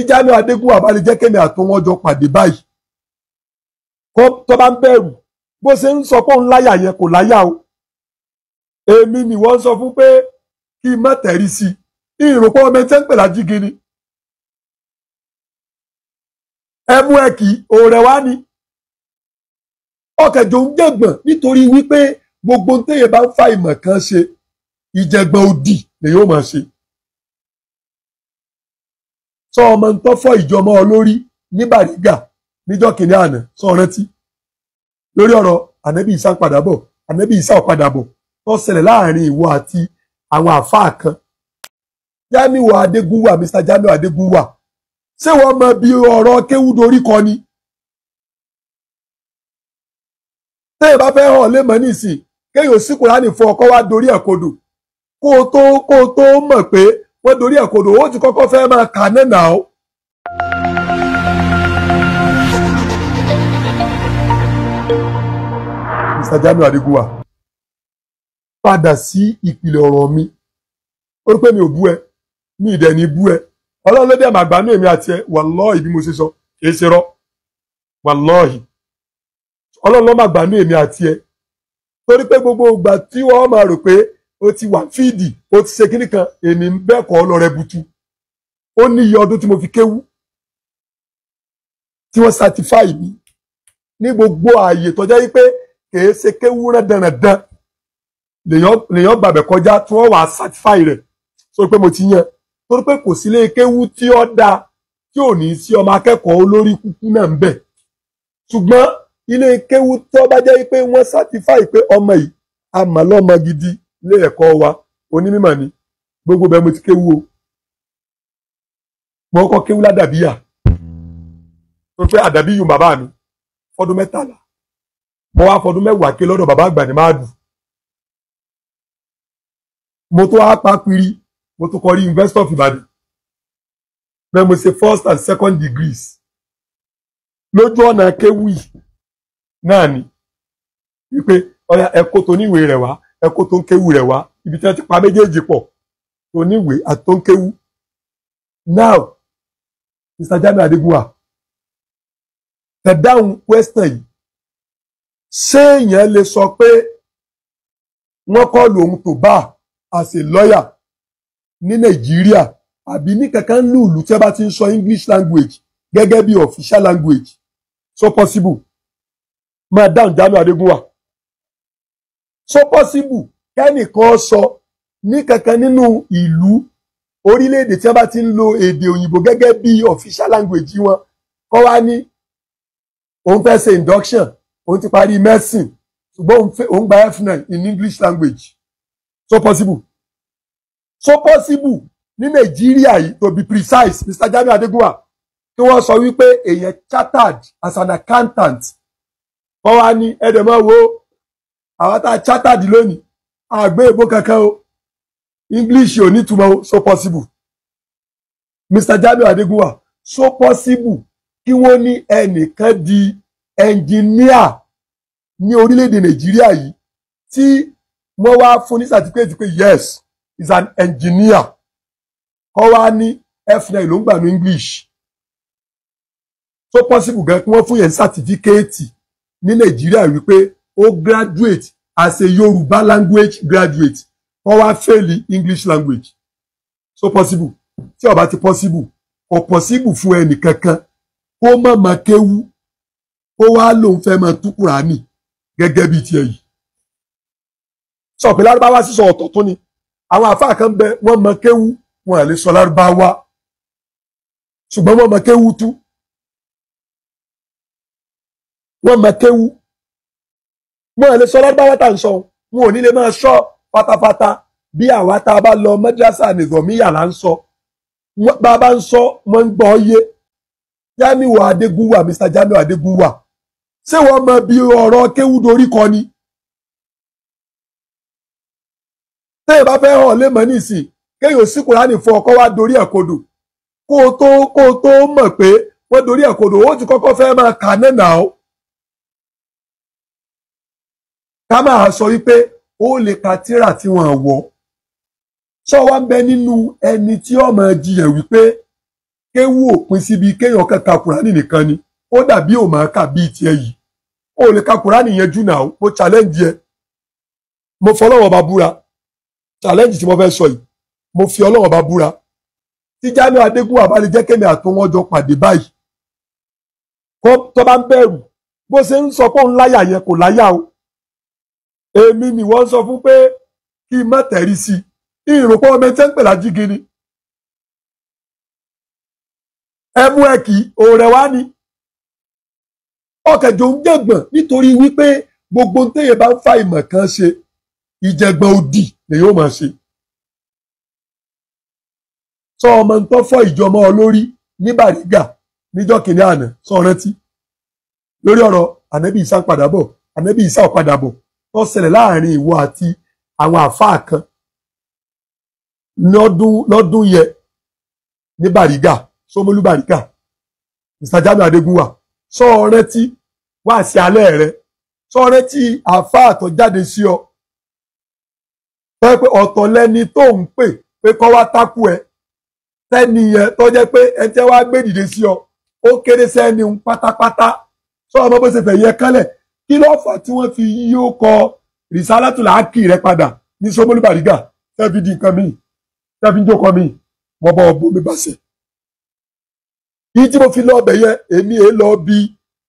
tí Jamiu Adégún àbálẹ jẹ́ kẹ́mi àtún wọn jọ pàdé báyìí kó tó bá ń bẹ̀rù bó ṣe ń sọ pé òun láyà yẹn kò láyà o èmi ni wọ́n sọ fún pé kí n má tẹ̀rí sí i ìrùpọ̀ ọmọ ẹ̀ńtẹ́ ń pè lájígi ni ẹ mú ẹ kì í òòrẹ wá ni ọkẹjọ ń jẹ̀gbọ̀n nítorí wípé gbogbo téèyàn bá ń fa ìmọ̀ kan ṣe ìjẹ̀gbọ̀n òdì lèyàn ó máa ṣe sọ ọmọ ń tọ́ fọ́ ìjọmọ́ olórí ní Bàrígà níjọ́ kìnínní àná sọ rántí lórí ọ̀rọ̀ ànábì ìsá padà bọ̀ ànábì ìsá ò padà bọ̀ tó ṣẹlẹ̀ láàrin ìwọ àti àwọn àfáà kan Jamiu Adégúnwà Mr Jamiu Adégúnwà ṣé wọ́n mọ bí ọ̀rọ̀ kéwú dorí kọ ni tẹ́ ẹ bá fẹ́ hàn lé mọ́ nísìn kéèyàn sí Kùránì fún ọkọ wá dorí ẹ̀ kodò kó o tó kó o tó mọ̀ pé wọ́n dorí ẹ̀ kodò ó ti kọ́kọ́ fẹ́ máa kà nínà o. Mr. Jamiu adigunwa. padà sí ìpìlẹ̀ ọ̀rọ̀ mi ó rí pé mi ò bú ẹ mi ìdẹ̀ ní bú ẹ ọlọ́run ló àmàgbà ní èmi àti ẹ wàlọ́ọ̀hì bí mo ṣe sọ kìí ṣe ọlọ́run màgbà ní gbogbo ìgbà tí wọ́n máa rò ó ti wà fíìdì ó ti ṣe kíní kan èmi ń bẹ́ẹ̀kọ́ lọ́rẹ́ butu ó ní iye ọdún tí mo fi kéwú tí wọ́n ṣàtìfáì mi ní gbogbo ààyè tọ́já yí pé kèé ṣe kéwú rán dandan lèyàn gbàbẹ̀ kọjá tí wọ́n wàá ṣàtìfáì rẹ̀ sọ pé mo ti yan torí pé kò sílé kéwú tí ó dáa tí ò ní sí ọmọ akẹ́kọ̀ọ́ olórí kúkú náà ń bẹ̀ ṣùgbọ́n ilé kéwú tó bá jẹ́ pé wọ́n ṣàtìfáì pé ọmọ yìí àmọ́ gidi ilé ẹ̀kọ́ wa onímọ̀ ni gbogbo bẹ́ẹ̀ mo ti kéwu o mo kọ́ kéwu ládàbíyà tó pé àdàbíyù bàbá mi fọdún mẹ́tàlá mo wá fọdún mẹ́wàá ké lọ́dọ̀ bàbá àgbà ní máàdù mo tó wá piri mo tó kọ́ rí University of Ìbàdàn bẹ́ẹ̀ mo ṣe first and second degrees lójú ọ̀nà kéwì náà ni wípé ọ̀yà ẹ̀kọ́ tó níwèé rẹ̀ wá ẹ tó ń kéwú rẹ̀ wá ibi tí wọ́n ti pa méjèèjì pọ̀ tó níwèé àti ń kéwú. now Mr. Jamiu Adegunwa ẹ Western, question yìí ṣé èèyàn lè sọ pé wọ́n kọ́ lòun tó bá as a lawyer ní Nàìjíríà àbí ní kankan lùlù tí wọ́n bá ti ń sọ English language gẹ́gẹ́ bí official language so possible Madam dáhùn Jamiu so possible kẹ́nìkan sọ ní kankan nínú ìlú orílẹ̀-èdè tí wọ́n bá ti ń lo èdè òyìnbó gẹ́gẹ́ bí official language wọn kọ́ wá ní òun fẹ́ ṣe induction òun ti parí medicine ṣùgbọ́n òun gba f9 in English language so possible so possible ní Nàìjíríà yìí to be precise Mr. Jamiu Adegunwa tí wọ́n sọ wípé èèyàn chartered as an accountant wọ́n wá ní ẹ̀dẹ̀ wo àwa tá a chartered lónìí àgbé èbó kankan o english ò ní túmọ̀ o so possible mr jamiu adegunwa so possible kí wọ́n ní ẹnìkan di ẹnjìníà ní orílẹ̀-èdè nàìjíríà yìí tí wọ́n wá fún ní certificate pé yes is an engineer kọ́ wá ní fnl ló ń gbà ní english so possible gan kí wọ́n fún yẹn certificate ní nàìjíríà wípé ó graduate as a Yorùbá language graduate wọ́n wá fail English language so possible tí ó bá ti possible kò possible fún ẹnì kankan kó má má kéwú kó wá lòun fẹ́ máa tú Kùránì gẹ́gẹ́ bíi tiẹ̀ yìí sọ pé lárúbáwá sísọ ọ̀tọ̀ tó ni àwọn àfáà kan bẹ wọ́n mọ kéwú wọn à lè sọ lárúbáwá ṣùgbọ́n wọ́n mọ kéwú tú wọ́n mọ kéwú wọn lè sọ lárúbáwá tá à ń sọ wọn ò ní lè máa sọ fatafata bí àwa tá a bá lọ mẹdírásà nìgọmíyà là ń sọ bá a bá ń sọ wọn ń gbọ́ yé Jamiu Adégúnwà Mr Jamiu Adégúnwà ṣé wọn mọ bí ọ̀rọ̀ kéwú kọ ni tẹ́yìn bá fẹ́ hàn lémọ̀ nísìn kéèyàn sí kùránì fún ọkọ wá dorí ẹ̀ kodò kó o tó kó o tó mọ̀ pé wọ́n dorí ẹ̀ kodò ó ti kọ́kọ́ fẹ́ máa kà náà náà ká máa sọ wípé ó lè ka tírà tí wọ́n wọ̀ sọ wá ń bẹ nínú ẹni tí ó máa jiyàn wípé kéwú òpin síbi kéèyàn kan kùránì nìkan ni ó dàbí ò máa kà bíi tiẹ̀ yìí ó lè ka kùránì yẹn jù náà mo challenge ẹ mo fọlọ́wọ́n bá búra challenge tí mo fẹ́ sọ yìí mo fi ọlọ́wọ́n bá búra tíjánu adégún àbálẹ̀jẹ́ kémi àtọwọ́n jọ pàdé báyìí kó bá ń bẹ̀rù bó ṣe ń sọ pé òun láyà yẹn kò láyà o èmi ni wọ́n sọ fún pé kí n má tẹ̀rí sí i ìrùpọ̀ ọmọ ẹ̀ńtẹ́ ń pè lájígi ni ẹ mú ẹ kì í òòrẹ̀ wá ni ọkẹ̀jọ ń jẹ̀gbọ̀n nítorí wípé gbogbo ntẹ́yẹ bá ń fa ìmọ̀ kan ṣe ìjẹ̀gbọ̀n òdì ni yóò máa ṣe sọ ọmọ ń tọ́ fọ́ ìjọmọ olórí ní Bàrígà níjọ́ kìnìún àná sọ rántí lórí ọ̀rọ̀ ànábì ìsá ànábì ìsá tó ṣẹlẹ̀ láàrin ìwọ àti àwọn àfáà kan lọ́dún lọ́dún yẹ ní Bàrígà Ṣómólú Bàrígà Mr. Jamiu Adégúnwà sọ ọrẹ tí wá sí alẹ́ rẹ sọ ọrẹ tí àfáà tó jáde sí ọ tẹ́ pé ọ̀tọ̀ lẹni tó ń pè pé kọ́ wá tákù ẹ tẹ́ni yẹn tó jẹ́ pé ẹ wá gbé dìde sí ọ ó kéré sẹ́ni pátápátá sọ ọmọ bó ṣe fẹ̀ yẹ kálẹ̀ kí ló fà tí wọ́n fi yí ó kọ rìsálátùlà ákì rẹ padà ní Sanwó-Olú Bàrígà tẹ́fi di nǹkan míì tẹ́fi ń jókòó míì wọ́n bọ́ ọ̀bùn mi bàṣẹ. kí tí mo fi lọ ọbẹ̀ yẹn èmi èé lọ bí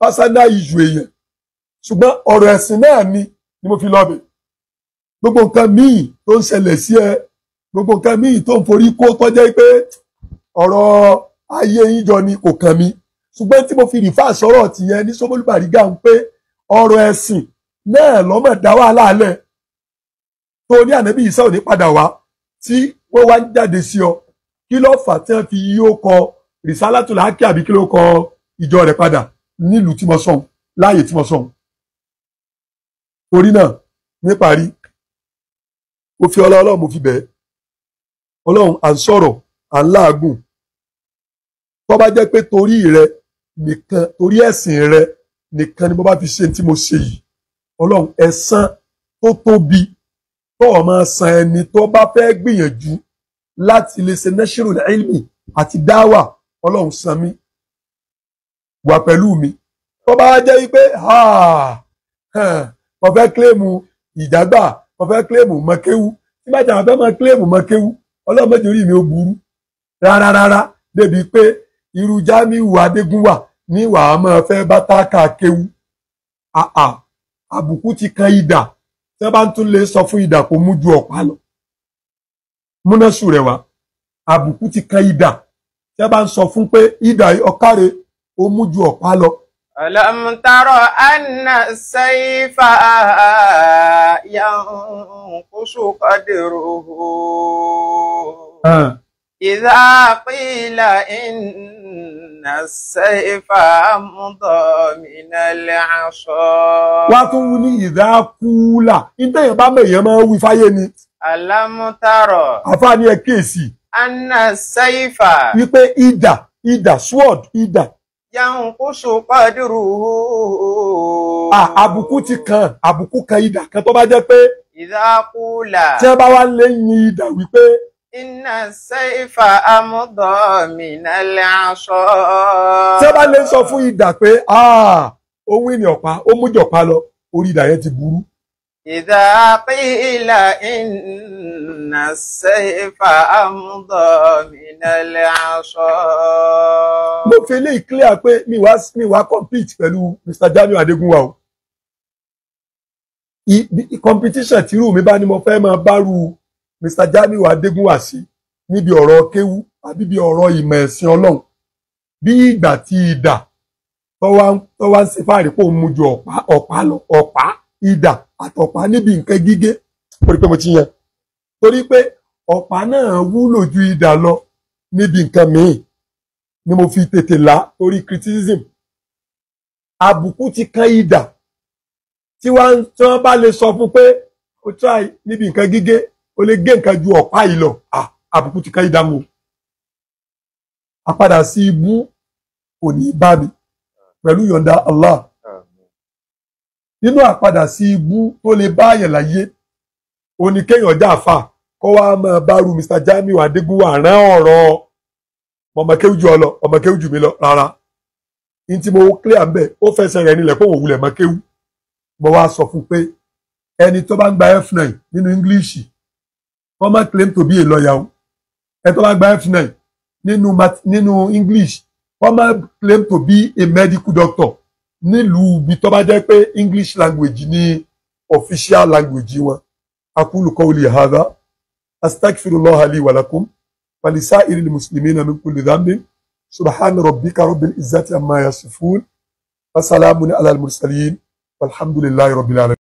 pásánà ìjù èèyàn ṣùgbọ́n ọ̀rọ̀ ẹ̀sìn náà ni ni mo fi lọ ọbẹ̀ gbogbo nǹkan míì tó ń ṣẹlẹ̀ sí ẹ gbogbo nǹkan míì tó ń forí kó tọ́jẹ́ pé ọ̀rọ̀ ayé yín jọ ni kò kàn mí ṣùgbọ́n tí mo fi rìfà sọ̀rọ̀ tìyẹn ní sanwó ń pé ọ̀rọ̀ ẹ̀sìn náà lọ́mọ̀ dá wàhálà alẹ́ tó ní ànábì ìsá ò ní padà wá tí wọ́n wá ń jáde sí ọ kí ló fà tí wọ́n fi yí ó kọ rìsálátù láàkì àbí kí ló kọ ìjọ rẹ̀ padà nílùú tí mo sọ̀n láàyè tí mo sọ̀n torí náà níparí mo fi ọlá ọlọ́run mo fi bẹ̀ẹ́ ọlọ́run à ń sọ̀rọ̀ à ń láàgùn tó bá jẹ́ pé torí rẹ nìkan torí ẹ̀sìn rẹ nìkan ni mo bá fi ṣe tí mo ṣe yìí ọlọ́run ẹ̀san tó tóbi tó o máa san ẹni tó bá fẹ́ gbìyànjú láti lè ṣe nẹ́ṣírò ilmi àti dáwà ọlọ́run san mí wà pẹ̀lú mi tó bá jẹ́ wípé mo fẹ́ kílèmù ìdágbà mo fẹ́ kílèmù mọ́kéwú tí àwọn fẹ́ máa kílèmù mọ́kéwú ọlọ́run mẹ́jọ orí mi ò burú rárá rárá débi pé irú Jamiu Adégúnwà ní wàá máa fẹ́ bá táàkà kéwu àà àbùkù ti kan idà tí wọ́n bá tún lè sọ fún idà kó mú ju ọ̀pá lọ múnásù rẹ̀ wá àbùkù ti kan idà tí bá ń sọ fún pé idà ọ̀kàrè ó mú ju ọ̀pá lọ. alam tara anna saifa yankusu qadruhu. idha qila in. السيف أمضى من العصا واتوني إذا قولا إنت يا بابا يا ما وفايني ألم ترى أفاني كيسي أن السيف يبقى إدا إدا sword إدا yankusu kadiru. Ah, àbùkù ti kan àbùkù kan ìdà kan tó bá jẹ́ pé. ìdá kúlà. tí wọ́n bá wá lẹ́yìn ìdà wípé. Iná sẹ́fà amúdọ̀ mi nálẹ̀ aṣọ. Tí a bá lè sọ fún idà pé ah, ó wí ní ọ̀pá, ó mú jọ̀pá lọ, orí idà yẹn ti burú. Ìdá qila iná sẹ́fà amúdọ̀ mi nálẹ̀ aṣọ. Mo fi lè clear pé mi wá mi wá compete pẹ̀lú Mr. Jamiu Adégúnwà o. Competition tírú mi bá ní mo fẹ́ máa bá rú. Mr. Jamiu Adégúnwàsí níbi ọ̀rọ̀ kéwú àbí bí ọ̀rọ̀ ìmọ̀ ẹ̀sìn Ọlọ́run bí ìgbà tí ìdà tó wá ń ṣe fáàrí pò ń mu ju ọ̀pá ọ̀pá lọ ọ̀pá ìdà àtọ̀pá níbi nǹkan gígé torí pé mo ti yan torí pé ọ̀pá náà wúlò ju ìdà lọ níbi nǹkan míì ni mo fi tètè là torí criticism àbùkù ti kan ìdà tí wọ́n bá lè sọ fún pé o try níbi nǹkan gígé o lè gé nǹkan ju ọ̀pá yìí lọ ah, àbùkù ti ká ìdáhùn o àpadà sí ibú kò ní bá mi pẹ̀lú yọ̀ǹda Allah nínú àpadà sí ibú tó lè bá àyàn láyé òní kéèyàn jáfa kó wá máa bárù Mr Jamiu Adégúnwà rán ọ̀rọ̀ ọmọ kéwù jù ọ lọ ọmọ kéwù jù mí lọ rárá n tí mo clear ń bẹ ó fẹsẹ̀ rẹ̀ nílẹ̀ pé òun wulẹ̀ mọ́ kéwù mo wá sọ fún pé ẹni tó bá ń gba f9 nínú English wọ́n máa claim to be a lawyer o ẹ tó bá gba f9 nínú nínú english wọ́n máa claim to be a medical doctor nílùú ibi tó bá jẹ́ pé english language ni official language wọn akulu qawli hadha astaghfirullah li wa lakum wa lisa'iril muslimina min kulli dhanbin subhan rabbika rabbil izzati amma yasifun wa salamun ala al mursalin walhamdulillahi rabbil alamin